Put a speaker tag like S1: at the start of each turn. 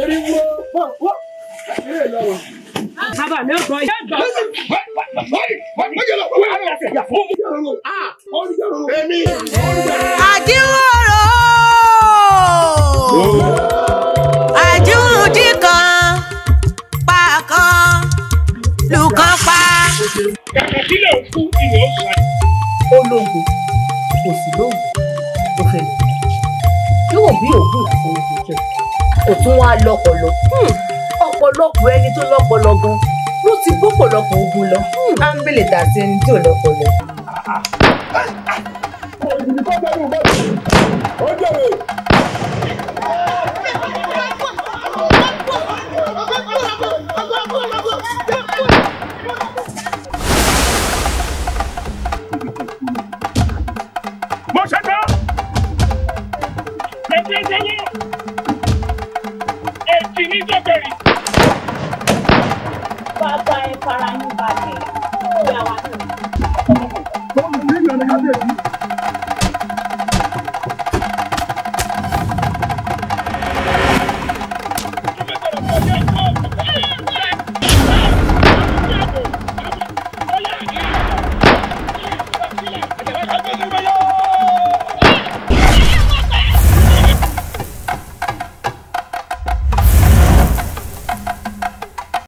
S1: Eriwo pọ̀pọ̀ kan pa kan lùkàn pa. Kàkà sílẹ̀ òkú
S2: ìwé ọ̀sán. Ó lóògùn, kò sì lóògùn, kò fẹ̀lẹ̀. Níwọ̀n bí òògùn làkúnmọ́ tó jẹ́ kò tún wá lọ́pọlọ hmm. ọ̀pọ̀lọpọ̀ ẹni tó lọ́pọlọ gan ló ti gbọ́pọ̀lọpọ̀ ogun lọ ámbélé hmm. tà ẹni tí ò lọ́pọlọ. ó jẹ̀wé
S3: kékeré. bàbá ẹ fara yín balẹ̀ ó yà wá sí
S4: i.